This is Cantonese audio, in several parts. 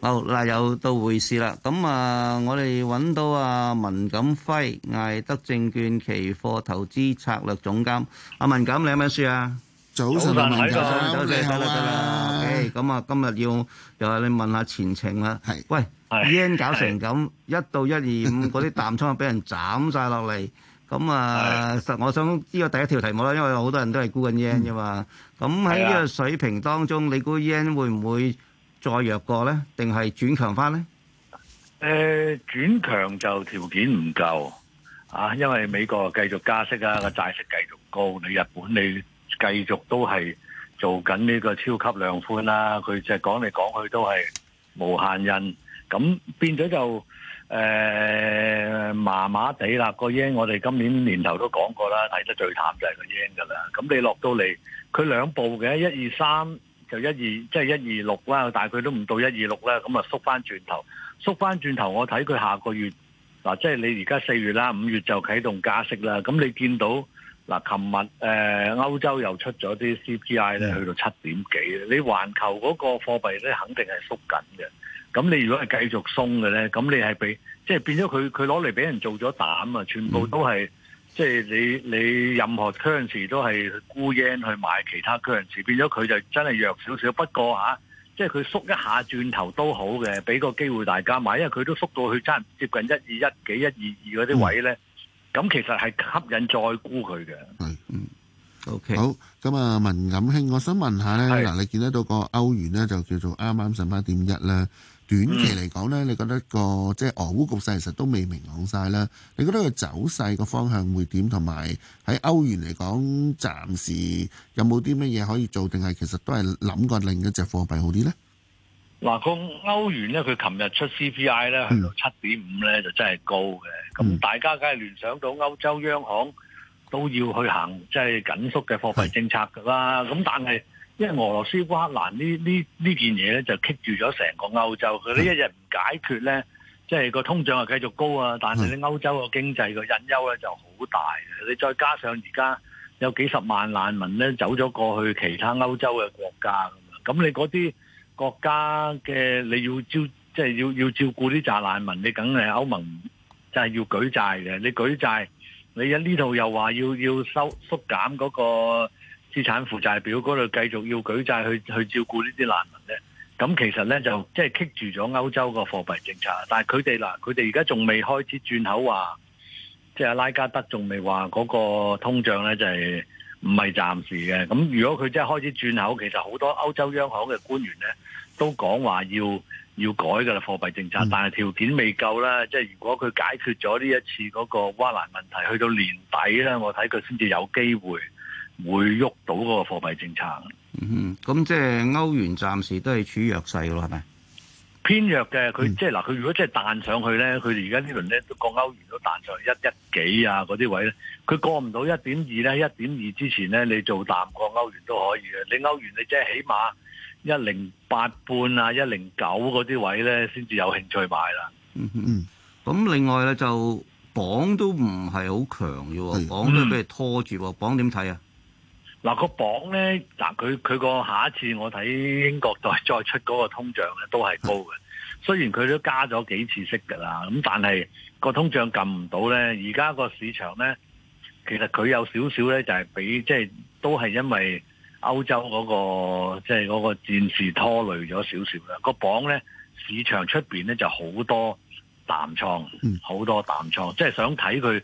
好嗱，又到匯市啦。咁啊，我哋揾到阿文錦輝，艾德證券期貨投資策略總監。阿文錦，你有咩説啊？早晨，文錦，早哋好啦。咁啊，今日要又係你問下前程啦。係。喂，yen 搞成咁，一到一二五嗰啲淡倉俾人斬曬落嚟。咁啊，實我想呢個第一條題目啦，因為好多人都係沽緊 yen 啫嘛。咁喺呢個水平當中，你沽 yen 會唔會？再弱過呢，定係轉強翻呢？誒，轉強就條件唔夠啊，因為美國繼續加息啊，個債息繼續高。你日本你繼續都係做緊呢個超級量寬啦，佢就係講嚟講去都係無限印，咁變咗就誒麻麻地啦。個 yen 我哋今年年頭都講過啦，睇得最淡就係個 yen 噶啦。咁你落到嚟，佢兩步嘅一二三。就一二，即係一二六啦，但係佢都唔到一二六啦。咁啊縮翻轉頭，縮翻轉頭，我睇佢下個月嗱，即係你而家四月啦，五月就啟動加息啦，咁你見到嗱，琴日誒歐洲又出咗啲 CPI 咧，去到七點幾，你環球嗰個貨幣咧肯定係縮緊嘅，咁你如果係繼續鬆嘅咧，咁你係俾即係變咗佢佢攞嚟俾人做咗膽啊，全部都係。即係你你任何 currency 都係沽 yen 去買其他 currency，變咗佢就真係弱少少。不過吓、啊，即係佢縮一下轉頭都好嘅，俾個機會大家買，因為佢都縮到去差接近一二一幾一二二嗰啲位咧。咁、嗯、其實係吸引再沽佢嘅。係嗯，OK 好。好咁啊，文錦輝，我想問下咧，嗱是，你見得到個歐元咧就叫做啱啱十八點一啦。短期嚟講咧，你覺得個即係俄烏局勢其實都未明朗曬啦。你覺得佢走勢個方向會點？同埋喺歐元嚟講，暫時有冇啲乜嘢可以做？定係其實都係諗過另一隻貨幣好啲咧？嗱，個歐元咧，佢琴日出 CPI 咧，去到七點五咧就真係高嘅。咁大家梗係聯想到歐洲央行都要去行即係緊縮嘅貨幣政策噶啦。咁但係。因為俄羅斯烏克蘭呢呢呢件嘢咧就棘住咗成個歐洲，佢咧一日唔解決咧，即係個通脹啊繼續高啊，但係你歐洲個經濟個隱憂咧就好大嘅。你再加上而家有幾十萬難民咧走咗過去其他歐洲嘅國家㗎，咁你嗰啲國家嘅你要照，即係、就是、要要照顧啲贅難民，你梗係歐盟就係要舉債嘅。你舉債，你喺呢度又話要要收縮減嗰、那個資產負債表嗰度繼續要舉債去去照顧呢啲難民咧，咁其實咧就即係棘住咗歐洲個貨幣政策。但係佢哋嗱，佢哋而家仲未開始轉口話，即係、就是、拉加德仲未話嗰個通脹咧就係唔係暫時嘅。咁如果佢真係開始轉口，其實好多歐洲央行嘅官員咧都講話要要改㗎喇貨幣政策，但係條件未夠啦。即係如果佢解決咗呢一次嗰個瓦蘭問題，去到年底咧，我睇佢先至有機會。會喐到嗰個貨幣政策，嗯，是是嗯，咁即係歐元暫時都係處弱勢㗎咯，係咪？偏弱嘅，佢即係嗱，佢如果即係彈上去咧，佢而家呢輪咧都過歐元都彈上去一一幾啊嗰啲位咧，佢過唔到一點二咧，一點二之前咧，你做淡過歐元都可以嘅，你歐元你即係起碼一零八半啊一零九嗰啲位咧，先至有興趣買啦。嗯，咁另外咧就綁都唔係好強嘅，綁都俾拖住，綁點睇啊？嗯嗯嗱個榜咧，嗱佢佢個下一次我睇英國再再出嗰個通脹咧都係高嘅，雖然佢都加咗幾次息噶啦，咁但係個通脹撳唔到咧。而家個市場咧，其實佢有少少咧就係俾即係、就係、都係因為歐洲嗰、嗰個即係嗰個戰事拖累咗少少啦。嗰個榜咧市場出邊咧就好多淡倉，好、嗯、多淡倉，即、就、係、係、想睇佢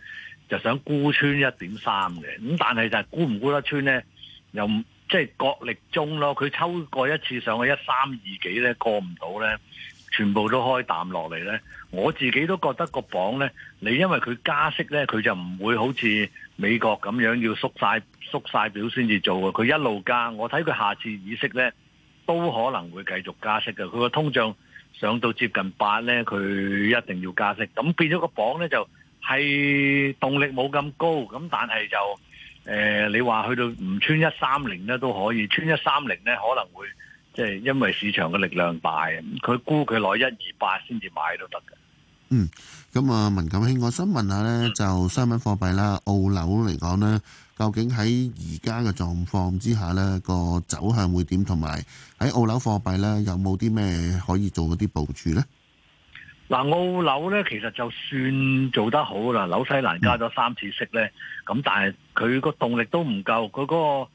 就想沽穿一點三嘅，咁但係就係沽唔沽得穿咧？又即係角力中咯，佢抽過一次上去一三二幾咧，過唔到咧，全部都開淡落嚟咧。我自己都覺得個鎊咧，你因為佢加息咧，佢就唔會好似美國咁樣要縮曬縮曬表先至做啊。佢一路加，我睇佢下次議息咧都可能會繼續加息嘅。佢個通脹上到接近八咧，佢一定要加息。咁變咗個鎊咧就係動力冇咁高，咁但係就。誒、呃，你話去到唔穿一三零咧都可以，穿一三零咧可能會即係因為市場嘅力量大，佢估佢攞一二八先至買都得嘅、嗯。嗯，咁、嗯、啊，文錦輝，我想問下呢，嗯、就商品貨幣啦，澳樓嚟講呢，究竟喺而家嘅狀況之下呢個走向會點？同埋喺澳樓貨幣呢，有冇啲咩可以做一啲部署呢？嗱，澳紐咧，其實就算做得好啦，紐西蘭加咗三次息咧，咁但係佢個動力都唔夠，佢嗰個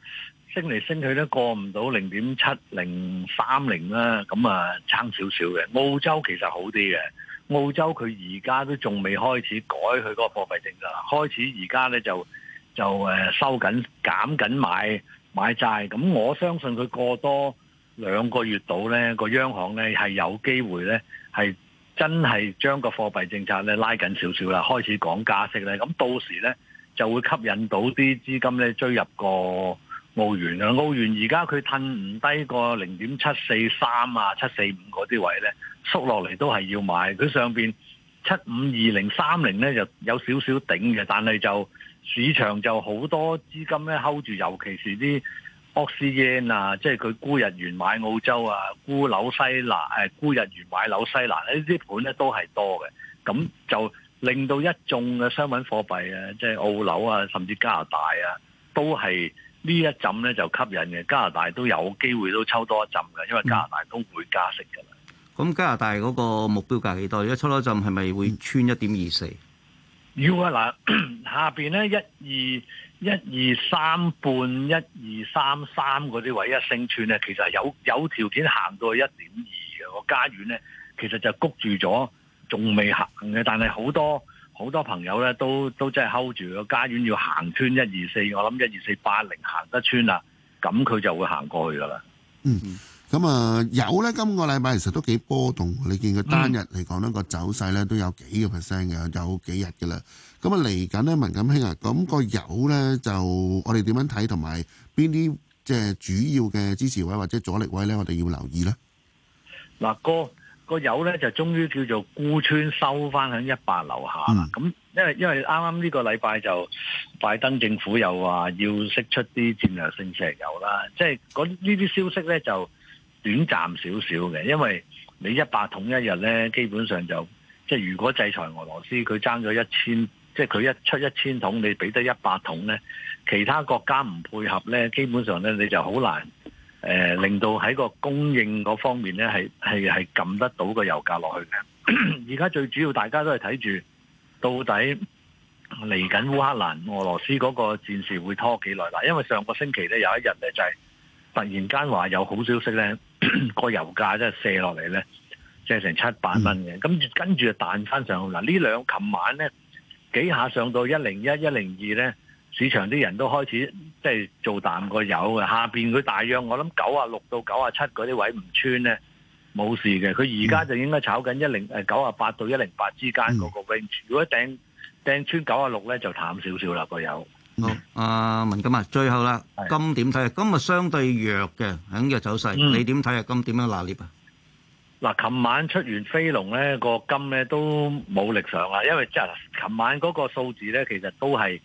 升嚟升去都過唔到零點七零三零啦，咁啊差少少嘅。澳洲其實好啲嘅，澳洲佢而家都仲未開始改佢嗰個貨幣政策啦，開始而家咧就就誒收緊減緊買買債，咁我相信佢過多兩個月度咧，個央行咧係有機會咧係。真係將個貨幣政策咧拉緊少少啦，開始講加息咧，咁到時呢，就會吸引到啲資金咧追入個澳元啊！澳元而家佢褪唔低個零點七四三啊，七四五嗰啲位呢，縮落嚟都係要買，佢上邊七五二零三零呢，就有少少頂嘅，但係就市場就好多資金咧睺住，尤其是啲。澳斯元啊，即係佢沽日元買澳洲啊，沽紐西蘭誒，沽日元買紐西蘭，呢啲盤咧都係多嘅。咁就令到一眾嘅商品貨幣啊，即係澳紐啊，甚至加拿大啊，都係呢一浸咧就吸引嘅。加拿大都有機會都抽多一浸嘅，因為加拿大都會加息㗎。咁加拿大嗰個目標價幾多？而抽多一浸係咪會穿一點二四？要啊，嗱， 下邊咧一二。一二三半，一二三三嗰啲位一升穿咧，其實有有條件行到去一點二嘅個家苑咧，其實就谷住咗，仲未行嘅。但係好多好多朋友咧，都都真係 hold 住個家苑要行穿一二四，我諗一二四八零行得穿啦，咁佢就會行過去噶啦。嗯。咁啊，油咧今個禮拜其實都幾波動，你見佢單日嚟講呢個走勢咧都有幾個 percent 嘅，有幾日嘅啦。咁啊嚟緊咧，文錦輝啊，咁、那個油咧就我哋點樣睇，同埋邊啲即係主要嘅支持位或者阻力位咧，我哋要留意咧。嗱、嗯，哥、那個那個油咧就終於叫做沽穿收翻喺一百樓下。咁、嗯、因為因為啱啱呢個禮拜就拜登政府又話要釋出啲戰略性石油啦，即係講呢啲消息咧就。就就就就就就短暫少少嘅，因為你一百桶一日呢，基本上就即係如果制裁俄羅斯，佢爭咗一千，即係佢一出一千桶，你俾得一百桶呢，其他國家唔配合呢，基本上呢，你就好難、呃、令到喺個供應嗰方面呢，係係係撳得到個油價落去嘅。而家 最主要大家都係睇住到底嚟緊烏克蘭俄羅斯嗰個戰事會拖幾耐啦，因為上個星期呢，有一日呢，就係、是、突然間話有好消息呢。個 油價真係卸落嚟呢，即係成七百蚊嘅，咁、嗯、跟住就彈翻上去。嗱，呢兩琴晚呢，幾下上到一零一、一零二呢，市場啲人都開始即係做淡個油嘅。下邊佢大約我諗九啊六到九啊七嗰啲位唔穿呢，冇事嘅。佢而家就應該炒緊一零九啊八到一零八之間嗰個 range。嗯、如果掟掟穿九啊六呢，就淡少少啦個油。好，阿、呃、文錦啊，最後啦，是金點睇啊？金啊相對弱嘅，咁嘅走勢，嗯、你點睇啊？金點樣拿捏啊？嗱，琴晚出完飛龍咧，個金咧都冇力上啦，因為即係琴晚嗰個數字咧，其實都係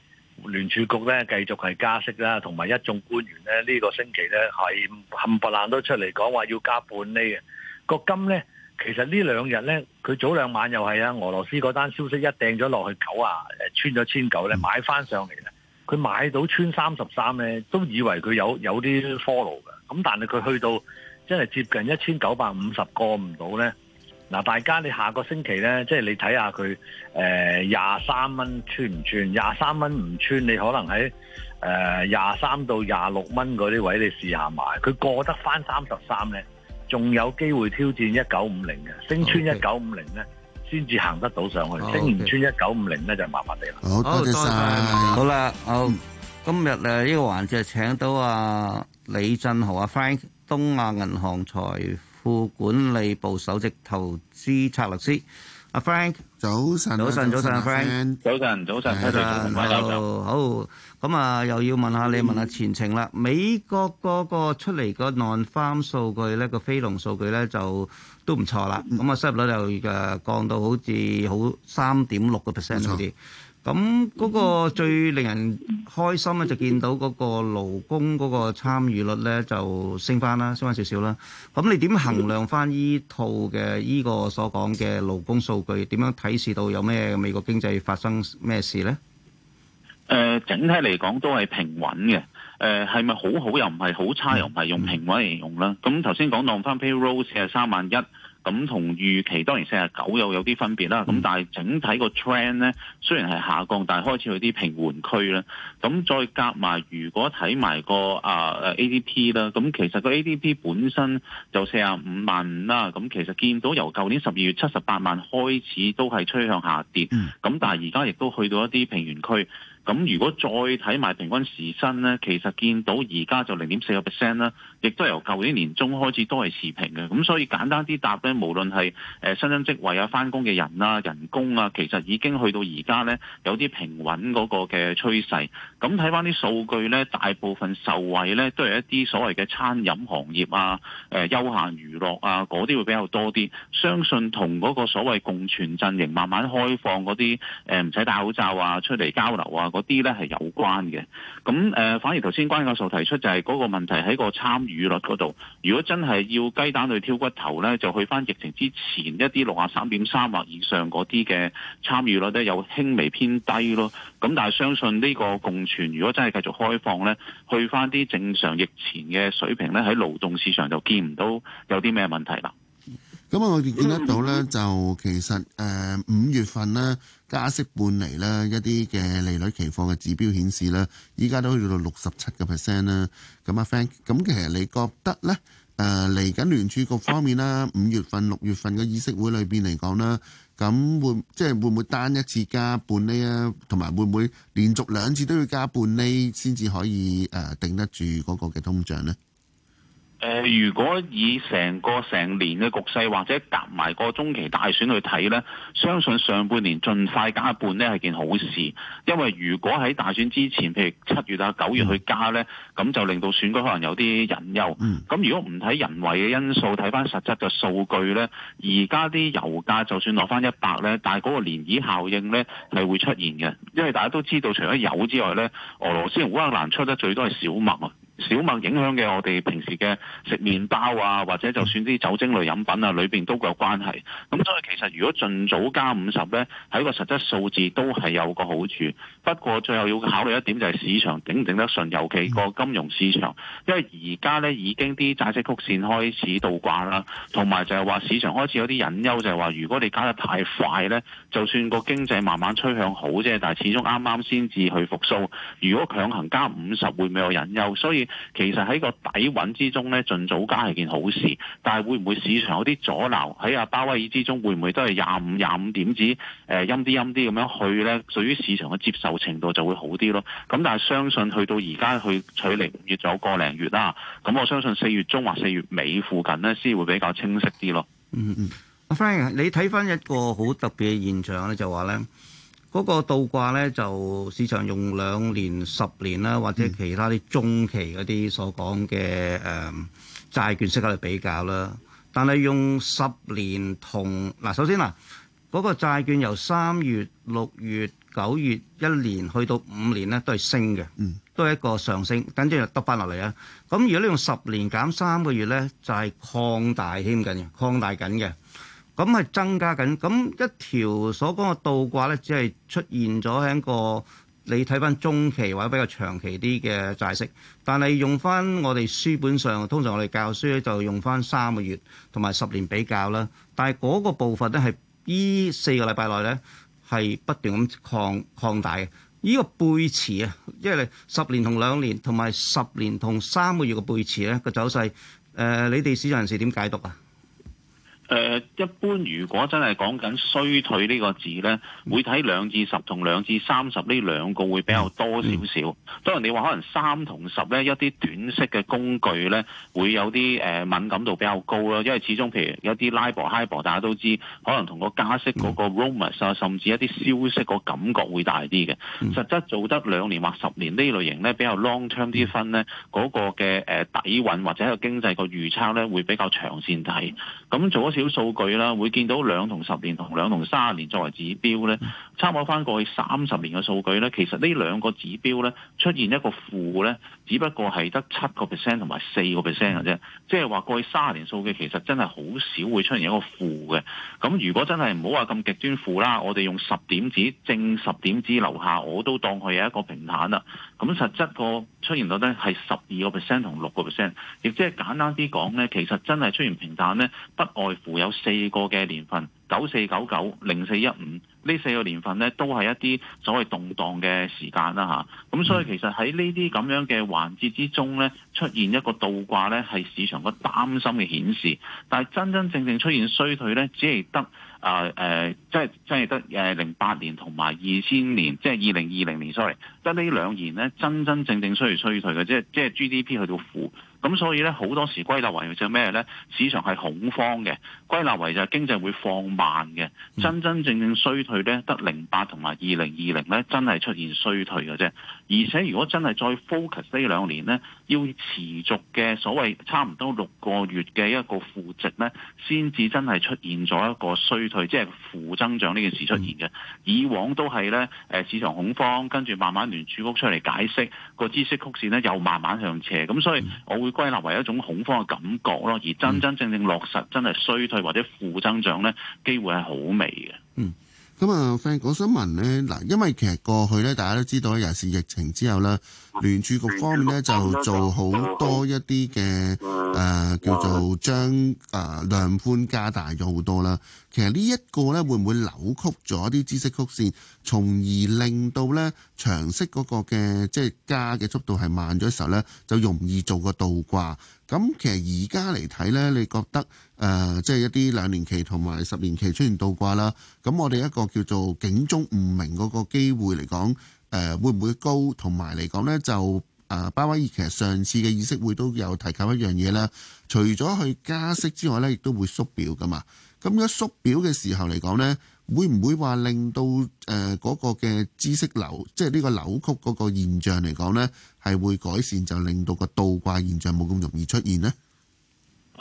聯儲局咧繼續係加息啦，同埋一眾官員咧呢、呢個星期咧係冚唪唥都出嚟講話要加半厘嘅，個金咧其實兩呢兩日咧，佢早兩晚又係啊，俄羅斯嗰單消息一掟咗落去九啊，誒、呃，穿咗千九咧，買翻上嚟啦。佢買到穿三十三呢，都以為佢有有啲 follow 嘅，咁但係佢去到真係接近一千九百五十過唔到呢。嗱，大家你下個星期呢，即係你睇下佢誒廿三蚊穿唔穿？廿三蚊唔穿，你可能喺誒廿三到廿六蚊嗰啲位你試下買。佢過得返三十三呢，仲有機會挑戰一九五零嘅，升穿一九五零呢。Okay. 先至行得到上去，星源村一九五零咧就麻煩你啦。好多謝曬，好啦，好今日誒呢個環節請到啊李振豪啊 Frank，東亞銀行財富管理部首席投資策略師。阿 Frank，早晨，早晨，早晨，Frank，早晨，早晨，早晨，早晨，好，咁啊又要問下你問下前程啦，美國嗰個出嚟個 Non Farm 數據咧，個非農數據咧就。都唔錯啦，咁啊收入率就嘅降到好似好三點六個 percent 好似。咁嗰錯個最令人開心咧就見到嗰個勞工嗰個參與率咧就升翻啦，升翻少少啦。咁你點衡量翻依套嘅依、依個所講嘅勞工數據？點樣提示到有咩美國經濟發生咩事咧？誒、呃，整體嚟講都係平穩嘅。誒係咪好好又唔係好差又唔係用平穩嚟形容啦？咁頭先講當翻 payroll 四十三萬一，咁同預期當然四十九又有啲分別啦。咁但係整體個 trend 咧，雖然係下降，但係開始去啲平緩區啦。咁再夾埋，如果睇埋個啊 ADP 啦，咁其實個 ADP 本身就四十五萬五啦。咁其實見到由舊年十二月七十八萬開始都係趨向下跌，咁但係而家亦都去到一啲平原區。咁如果再睇埋平均時薪呢，其實見到而家就零點四個 percent 啦，亦都由舊年年中開始都係持平嘅。咁所以簡單啲答呢，無論係誒新增職位啊、翻工嘅人啊，人工啊，其實已經去到而家呢，有啲平穩嗰個嘅趨勢，咁睇翻啲數據呢，大部分受惠呢都係一啲所謂嘅餐飲行業啊、誒休閒娛樂啊嗰啲會比較多啲。相信同嗰個所謂共存陣營慢慢開放嗰啲誒唔使戴口罩啊出嚟交流啊。嗰啲呢係有關嘅，咁誒、呃、反而頭先關教授提出就係嗰個問題喺個參與率嗰度，如果真係要雞蛋去挑骨頭呢，就去翻疫情之前一啲六十三點三或以上嗰啲嘅參與率呢，有輕微偏低咯。咁但係相信呢個共存，如果真係繼續開放呢，去翻啲正常疫前嘅水平呢，喺勞動市場就見唔到有啲咩問題啦。咁、嗯、我哋見得到呢，就其實誒五、呃、月份呢。加息半厘啦，一啲嘅利率期貨嘅指標顯示啦，依家都叫做六十七個 percent 啦。咁、啊、阿 Frank 咁其實你覺得呢？誒嚟緊聯儲局方面啦，五月份、六月份嘅議息會裏邊嚟講啦，咁會即係會唔會單一次加半厘啊？同埋會唔會連續兩次都要加半厘先至可以誒頂、呃、得住嗰個嘅通脹呢？呃、如果以成個成年嘅局勢，或者夾埋個中期大選去睇呢，相信上半年盡快加一半呢，係件好事，因為如果喺大選之前，譬如七月啊、九月去加呢咁、嗯、就令到選舉可能有啲隱憂。咁、嗯、如果唔睇人為嘅因素，睇翻實質嘅數據呢，而家啲油價就算落翻一百呢，但係嗰個漣漪效應呢係會出現嘅，因為大家都知道，除咗油之外呢俄羅斯和烏克蘭出得最多係小麥。啊。小麥影響嘅，我哋平時嘅食麵包啊，或者就算啲酒精類飲品啊，裏邊都個有關係。咁所以其實如果盡早加五十呢，係一個實質數字都係有個好處。不過最後要考慮一點就係市場頂唔頂得順，尤其個金融市場，因為而家呢已經啲債息曲線開始倒掛啦，同埋就係話市場開始有啲隱憂，就係話如果你加得太快呢，就算個經濟慢慢趨向好啫，但係始終啱啱先至去復甦。如果強行加五十會唔會有隱憂？所以其實喺個底穩之中咧，盡早加係件好事，但係會唔會市場有啲阻撓喺阿鮑威爾之中？會唔會都係廿五、廿五點子？誒、呃，陰啲、陰啲咁樣去咧，對於市場嘅接受程度就會好啲咯。咁但係相信去到而家去距離五月仲有個零月啦、啊，咁我相信四月中或四月尾附近呢，先會比較清晰啲咯。嗯嗯，阿 Frank，你睇返一個好特別嘅現象咧，就話咧。嗰個倒掛咧，就市場用兩年、十年啦，或者其他啲中期嗰啲所講嘅誒債券息格嚟比較啦。但係用十年同嗱，首先嗱，嗰、那個債券由三月、六月、九月、一年去到五年咧，嗯、都係升嘅，都係一個上升，等住得翻落嚟啊。咁如果你用十年減三個月咧，就係、是、擴大添緊嘅，擴大緊嘅。咁係增加緊，咁一條所講嘅倒掛咧，只係出現咗喺個你睇翻中期或者比較長期啲嘅債息，但係用翻我哋書本上，通常我哋教書咧就用翻三個月同埋十年比較啦。但係嗰個部分咧係依四個禮拜內咧係不斷咁擴擴大嘅。呢、這個背馳啊，即係你十年同兩年同埋十年同三個月嘅背馳咧個走勢，誒、呃，你哋市場人士點解讀啊？誒、呃、一般如果真係講緊衰退呢、這個字咧，嗯、會睇兩至十同兩至三十呢兩個會比較多少少。嗯、當然你話可能三同十咧，一啲短息嘅工具咧，會有啲誒、呃、敏感度比較高啦。因為始終譬如有啲 labour high 博，大家都知可能同個加息嗰個 romance 啊、嗯，甚至一啲消息個感覺會大啲嘅。嗯、實質做得兩年或十年呢類型咧，比較 long term 啲分咧，嗰、那個嘅誒底蘊或者個經濟個預測咧，會比較長線睇。咁做一數據啦，會見到兩同十年同兩同三十年作為指標咧，參考翻過去三十年嘅數據咧，其實呢兩個指標咧，出現一個負咧，只不過係得七個 percent 同埋四個 percent 嘅啫，即係話過去三十年數據其實真係好少會出現一個負嘅。咁如果真係唔好話咁極端負啦，我哋用十點指、正十點指樓下，我都當佢係一個平坦啦。咁實質個出現率咧係十二個 percent 同六個 percent，亦即係簡單啲講咧，其實真係出現平淡咧，不外乎有四個嘅年份，九四九九、零四一五呢四個年份咧，都係一啲所謂動盪嘅時間啦吓，咁所以其實喺呢啲咁樣嘅環節之中咧，出現一個倒掛咧，係市場個擔心嘅顯示。但係真真正正出現衰退咧，只係得。啊，誒、呃，即係，即係得誒，零八年同埋二千年，即係二零二零年，sorry，得呢兩年咧，真真正正衰衰退嘅，即係即係 GDP 去到負。咁、嗯、所以咧，好多時歸納為就咩咧？市場係恐慌嘅，歸納為就經濟會放慢嘅。真真正正衰退咧，得零八同埋二零二零咧，真係出現衰退嘅啫。而且如果真係再 focus 呢兩年咧，要持續嘅所謂差唔多六個月嘅一個負值咧，先至真係出現咗一個衰退，即係負增長呢件事出現嘅。以往都係咧，誒市場恐慌，跟住慢慢聯儲局出嚟解釋，那個孳息曲線咧，又慢慢向斜。咁所以，我會。歸納為一種恐慌嘅感覺咯，而真真正正落實真係衰退或者負增長咧，機會係好微嘅。嗯。咁啊，Frank，我想問咧，嗱，因為其實過去咧，大家都知道，尤其是疫情之後啦，聯儲局方面咧就做好多一啲嘅誒，叫做將誒量寬加大咗好多啦。其實呢一個咧，會唔會扭曲咗一啲孳息曲線，從而令到咧長息嗰個嘅即係加嘅速度係慢咗嘅時候咧，就容易做個倒掛。咁其實而家嚟睇呢，你覺得誒、呃，即係一啲兩年期同埋十年期出現倒掛啦。咁我哋一個叫做警鐘唔明嗰個機會嚟講，誒、呃、會唔會高？同埋嚟講呢，就誒鮑威爾其實上次嘅議息會都有提及一樣嘢啦。除咗去加息之外呢，亦都會縮表㗎嘛。咁一縮表嘅時候嚟講呢。會唔會話令到誒嗰、呃那個嘅知識流，即係呢個扭曲嗰個現象嚟講咧，係會改善，就令到個倒掛現象冇咁容易出現咧？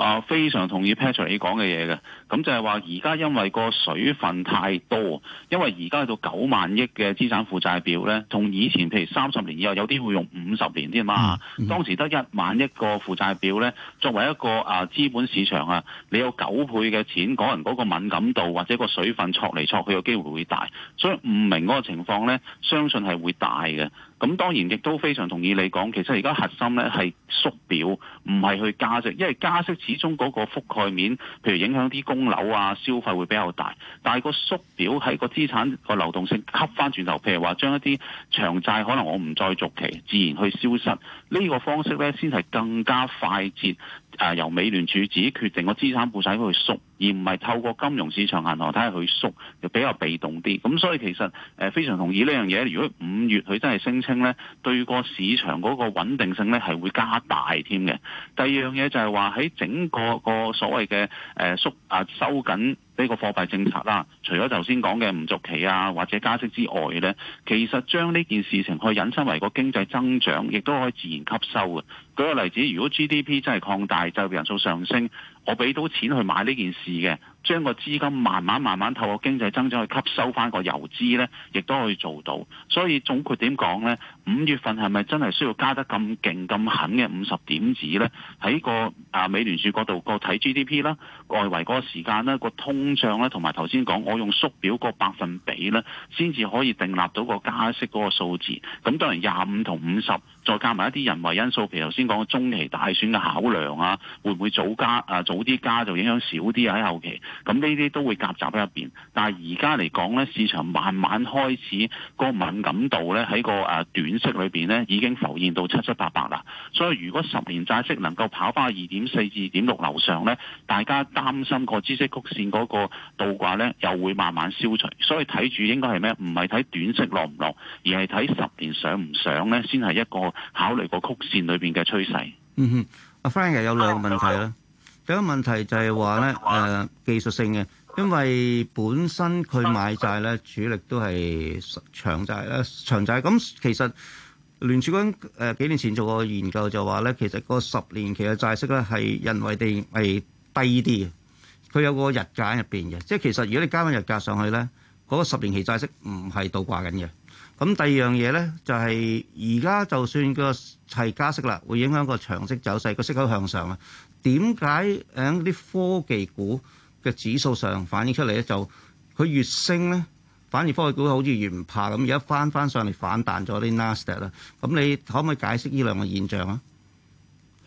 啊、呃，非常同意 Patrick 你講嘅嘢嘅，咁就係話而家因為個水分太多，因為而家去到九萬億嘅資產負債表呢，同以前譬如三十年以後有啲會用五十年添嘛，當時得一萬億個負債表呢，作為一個啊資本市場啊，你有九倍嘅錢，可能嗰個敏感度或者個水分錯嚟錯去嘅機會會大，所以唔明嗰個情況呢，相信係會大嘅。咁當然亦都非常同意你講，其實而家核心咧係縮表，唔係去加息，因為加息始終嗰個覆蓋面，譬如影響啲供樓啊消費會比較大，但係個縮表係個資產個流動性吸返轉頭，譬如話將一啲長債可能我唔再續期，自然去消失。呢個方式咧，先係更加快捷，誒、呃、由美聯儲自己決定個資產負債去縮，而唔係透過金融市場銀行睇下佢縮，就比較被動啲。咁所以其實誒、呃、非常同意呢樣嘢。如果五月佢真係聲稱咧，對個市場嗰個穩定性咧係會加大添嘅。第二樣嘢就係話喺整個個所謂嘅誒縮啊收緊。呢個貨幣政策啦，除咗頭先講嘅唔續期啊，或者加息之外咧，其實將呢件事情去引申為個經濟增長，亦都可以自然吸收嘅。舉個例子，如果 GDP 真係擴大，就業人數上升，我俾到錢去買呢件事嘅，將個資金慢慢慢慢透過經濟增長去吸收翻個游資呢，亦都可以做到。所以總括點講呢，五月份係咪真係需要加得咁勁咁狠嘅五十點子呢，喺個啊美聯儲角度個睇 GDP 啦，外圍嗰個時間啦，個通脹呢，同埋頭先講，我用縮表個百分比呢，先至可以訂立到個加息嗰個數字。咁當然廿五同五十。再加埋一啲人為因素，譬如頭先講嘅中期大選嘅考量啊，會唔會早加啊，早啲加就影響少啲啊。喺後期，咁呢啲都會夾雜喺入邊。但係而家嚟講呢，市場慢慢開始個敏感度呢，喺個誒短息裏邊呢已經浮現到七七八八啦。所以如果十年債息能夠跑翻二點四至二點六樓上呢，大家擔心個孳息曲線嗰個倒掛呢又會慢慢消除。所以睇住應該係咩？唔係睇短息落唔落，而係睇十年上唔上呢。先係一個。考慮個曲線裏邊嘅趨勢。嗯哼，阿 Frank 又有兩個問題啦。Oh, oh, oh. 第一個問題就係話咧，誒、oh, oh, oh. 呃、技術性嘅，因為本身佢買債咧、oh, oh, oh. 主力都係長債啦，長債咁、嗯、其實聯儲局誒幾年前做過研究就話咧，其實個十年期嘅債息咧係人為地係低啲嘅。佢有個日價入邊嘅，即係其實如果你加返日價上去咧，嗰、嗰個十年期債息唔係倒掛緊嘅。咁第二樣嘢咧，就係而家就算個係加息啦，會影響個長息走勢，個息口向上啊？點解喺啲科技股嘅指數上反映出嚟咧？就佢越升咧，反而科技股好似越唔怕咁，而家翻翻上嚟反彈咗啲納斯達克啦。咁你可唔可以解釋呢兩個現象啊？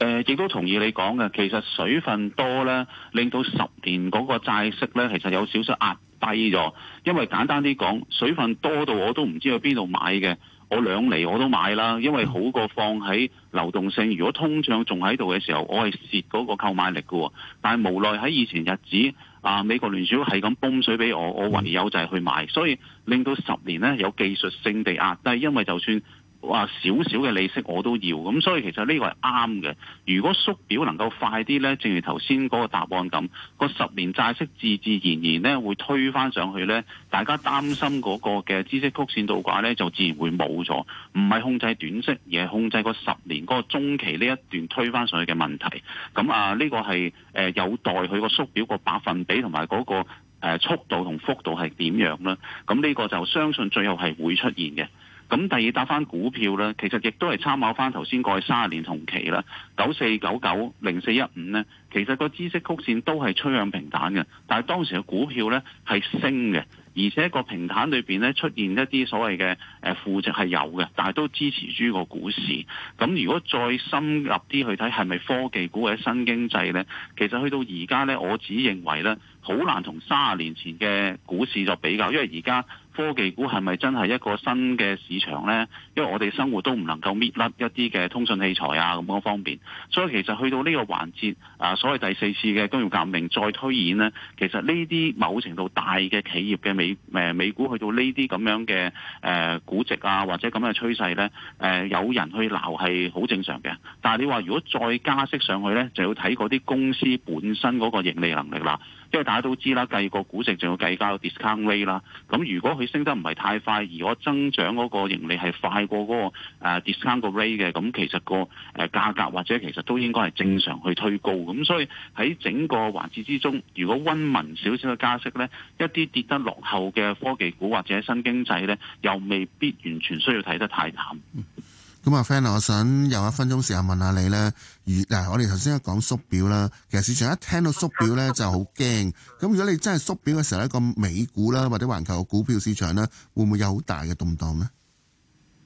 誒，亦都同意你講嘅，其實水分多咧，令到十年嗰個債息咧，其實有少少壓。低咗，因為簡單啲講，水分多到我都唔知去邊度買嘅，我兩厘我都買啦，因為好過放喺流動性，如果通脹仲喺度嘅時候，我係蝕嗰個購買力嘅，但係無奈喺以前日子，啊美國聯儲係咁泵水俾我，我唯有就係去買，所以令到十年咧有技術性地壓低，因為就算。話少少嘅利息我都要，咁所以其實呢個係啱嘅。如果縮表能夠快啲呢，正如頭先嗰個答案咁，個十年債息自自然然呢會推翻上去呢。大家擔心嗰個嘅孳息曲線倒掛呢，就自然會冇咗，唔係控制短息，而係控制個十年嗰個中期呢一段推翻上去嘅問題。咁啊，呢、這個係誒、呃、有待佢個縮表個百分比同埋嗰個誒、呃、速度同幅度係點樣啦。咁呢個就相信最後係會出現嘅。咁第二答翻股票咧，其實亦都係參考翻頭先過去三十年同期啦，九四九九零四一五咧，其實個孳息曲線都係趨向平坦嘅，但係當時嘅股票咧係升嘅，而且個平坦裏邊咧出現一啲所謂嘅誒負值係有嘅，但係都支持住個股市。咁、嗯嗯、如果再深入啲去睇，係咪科技股或者新經濟咧？其實去到而家咧，我只認為咧，好難同三十年前嘅股市作比較，因為而家。科技股係咪真係一個新嘅市場咧？因為我哋生活都唔能夠搣甩一啲嘅通訊器材啊咁嗰方便。所以其實去到呢個環節啊，所謂第四次嘅工業革命再推演呢，其實呢啲某程度大嘅企業嘅美誒美股去到呢啲咁樣嘅誒估值啊或者咁嘅趨勢呢、啊，誒、呃、有人去鬧係好正常嘅。但係你話如果再加息上去呢，就要睇嗰啲公司本身嗰個盈利能力啦。因為大家都知啦，計個估值仲要計交 discount rate 啦。咁如果佢升得唔係太快，而我增長嗰個盈利係快。過嗰個 discount rate 嘅，咁其實個誒價格或者其實都應該係正常去推高，咁所以喺整個環節之中，如果溫文少少嘅加息咧，一啲跌得落後嘅科技股或者新經濟咧，又未必完全需要睇得太淡。咁、嗯嗯、啊 Fanny 我想有一分鐘時間問下你咧，如嗱、啊，我哋頭先一講縮表啦，其實市場一聽到縮表咧就好驚。咁如果你真係縮表嘅時候一個美股啦或者環球股票市場咧，會唔會有好大嘅動盪咧？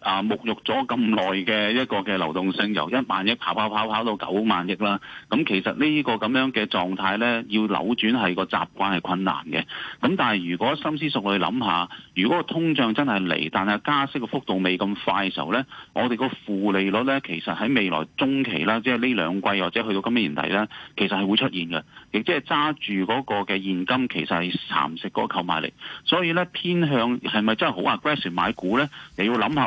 啊！沐浴咗咁耐嘅一個嘅流動性，由一萬億跑跑跑跑跑到九萬億啦。咁、嗯、其實呢個咁樣嘅狀態咧，要扭轉係個習慣係困難嘅。咁、嗯、但係如果深思熟慮諗下，如果通脹真係嚟，但係加息嘅幅度未咁快嘅時候咧，我哋個負利率咧，其實喺未來中期啦，即係呢兩季或者去到今年年底咧，其實係會出現嘅。亦即係揸住嗰個嘅現金，其實係蠶食嗰個購買力。所以咧，偏向係咪真係好 aggressive 買股咧？你要諗下。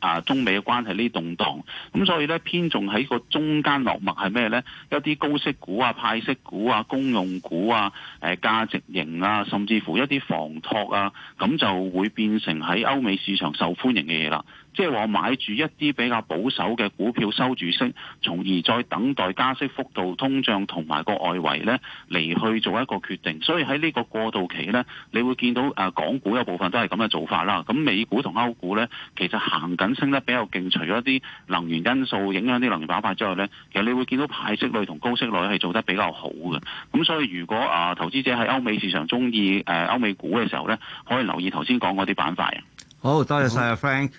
啊，中美嘅關係呢動盪，咁所以咧，偏重喺個中間落墨係咩呢？一啲高息股啊、派息股啊、公用股啊、誒、呃、價值型啊，甚至乎一啲房託啊，咁就會變成喺歐美市場受歡迎嘅嘢啦。即係話買住一啲比較保守嘅股票收住息，從而再等待加息幅度、通脹同埋個外圍呢嚟，去做一個決定。所以喺呢個過渡期呢，你會見到誒、啊、港股有部分都係咁嘅做法啦。咁美股同歐股呢，其實行緊。升得比較勁，除咗啲能源因素影響啲能源板塊之外咧，其實你會見到派息類同高息類係做得比較好嘅。咁所以如果啊投資者喺歐美市場中意誒歐美股嘅時候咧，可以留意頭先講嗰啲板塊啊。好多謝晒啊好 Frank。